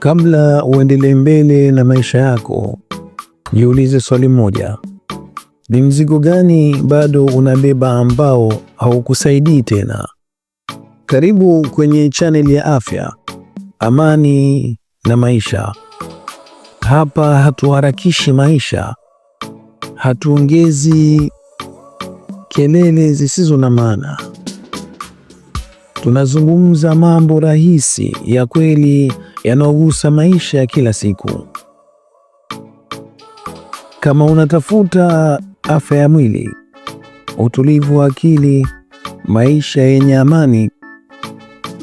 Kabla uendelee mbele na maisha yako, jiulize swali moja: ni mzigo gani bado unabeba ambao haukusaidii tena? Karibu kwenye chaneli ya afya, amani na maisha. Hapa hatuharakishi maisha, hatuongezi kelele zisizo na maana. Tunazungumza mambo rahisi ya kweli yanayogusa maisha ya kila siku. Kama unatafuta afya ya mwili, utulivu wa akili, maisha yenye amani,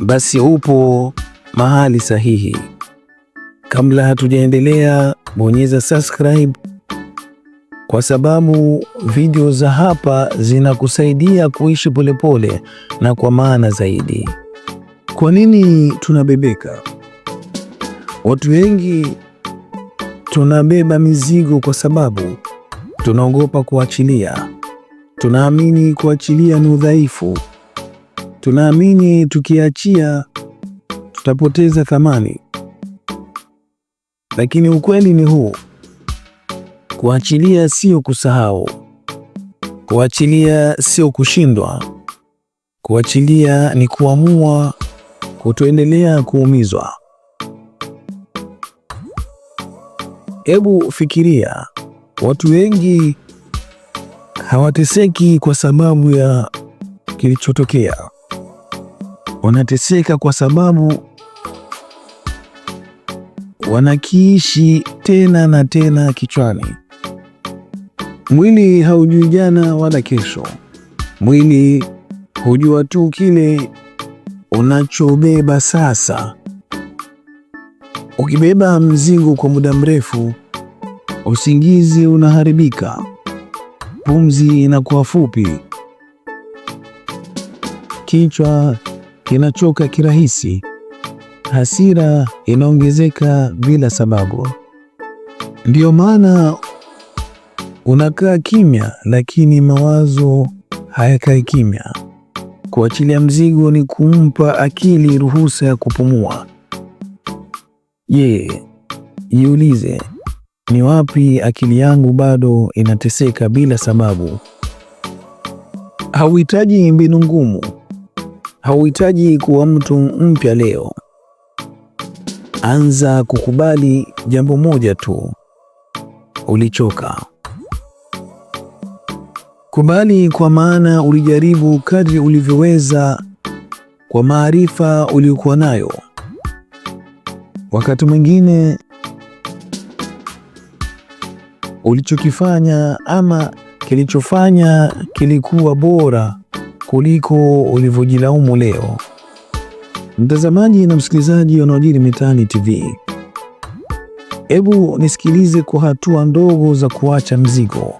basi upo mahali sahihi. Kabla hatujaendelea, bonyeza subscribe kwa sababu video za hapa zinakusaidia kuishi polepole na kwa maana zaidi. Kwa nini tunabebeka? Watu wengi tunabeba mizigo kwa sababu tunaogopa kuachilia. Tunaamini kuachilia ni udhaifu. Tunaamini tukiachia tutapoteza thamani, lakini ukweli ni huu: kuachilia sio kusahau, kuachilia sio kushindwa, kuachilia ni kuamua kutoendelea kuumizwa. Hebu fikiria, watu wengi hawateseki kwa sababu ya kilichotokea, wanateseka kwa sababu wanakiishi tena na tena kichwani. Mwili haujui jana wala kesho, mwili hujua tu kile unachobeba sasa. Ukibeba mzigo kwa muda mrefu usingizi unaharibika, pumzi inakuwa fupi, kichwa kinachoka kirahisi, hasira inaongezeka bila sababu. Ndiyo maana unakaa kimya, lakini mawazo hayakai kimya. Kuachilia mzigo ni kumpa akili ruhusa ya kupumua. Je, yeah, jiulize ni wapi akili yangu bado inateseka bila sababu? Hauhitaji mbinu ngumu, hauhitaji kuwa mtu mpya leo. Anza kukubali jambo moja tu: ulichoka. Kubali kwa maana ulijaribu kadri ulivyoweza kwa maarifa uliyokuwa nayo. Wakati mwingine ulichokifanya ama kilichofanya kilikuwa bora kuliko ulivyojilaumu leo. Mtazamaji na msikilizaji yanayojiri mitaani TV, hebu nisikilize kwa hatua ndogo za kuacha mzigo.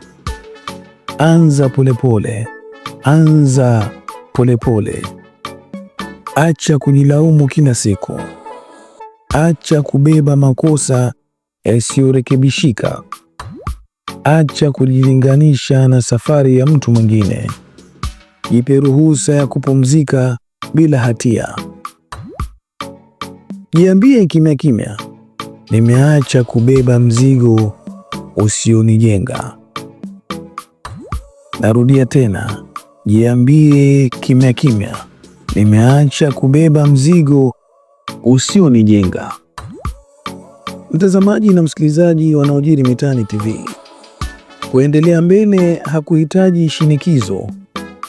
Anza polepole pole. Anza polepole pole. Acha kujilaumu kila siku. Acha kubeba makosa yasiyorekebishika. Acha kujilinganisha na safari ya mtu mwingine. Jipe ruhusa ya kupumzika bila hatia. Jiambie kimya kimya, nimeacha kubeba mzigo usionijenga. Narudia tena, jiambie kimya kimya, nimeacha kubeba mzigo usionijenga. Mtazamaji na msikilizaji wanaojiri mitaani TV. Kuendelea mbele hakuhitaji shinikizo.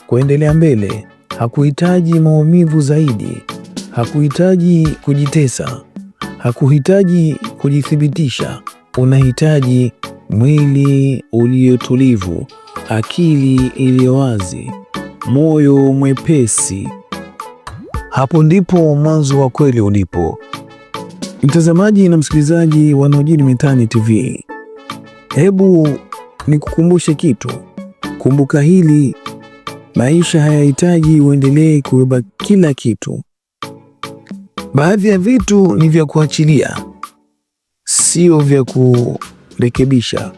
Kuendelea mbele hakuhitaji maumivu zaidi, hakuhitaji kujitesa, hakuhitaji kujithibitisha. Unahitaji mwili uliotulivu, akili iliyo wazi, moyo mwepesi. Hapo ndipo mwanzo wa kweli ulipo. Mtazamaji na msikilizaji wa yanayojiri mitaani TV, hebu nikukumbushe kitu. Kumbuka hili, maisha hayahitaji uendelee kubeba kila kitu. Baadhi ya vitu ni vya kuachilia, sio vya kurekebisha.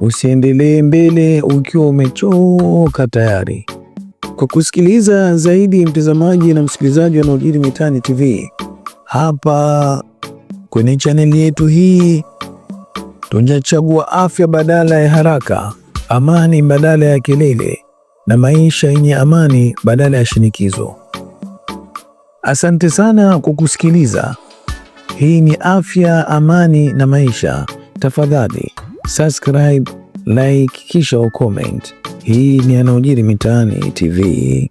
Usiendelee mbele ukiwa umechoka tayari. Kwa kusikiliza zaidi, mtazamaji na msikilizaji yanayojiri mitaani TV hapa kwenye chaneli yetu hii Tunachagua afya badala ya haraka, amani badala ya kelele, na maisha yenye amani badala ya shinikizo. Asante sana kwa kusikiliza. Hii ni Afya, Amani na Maisha. Tafadhali subscribe, like, kisha ucomment. Hii ni Yanayojiri Mitaani TV.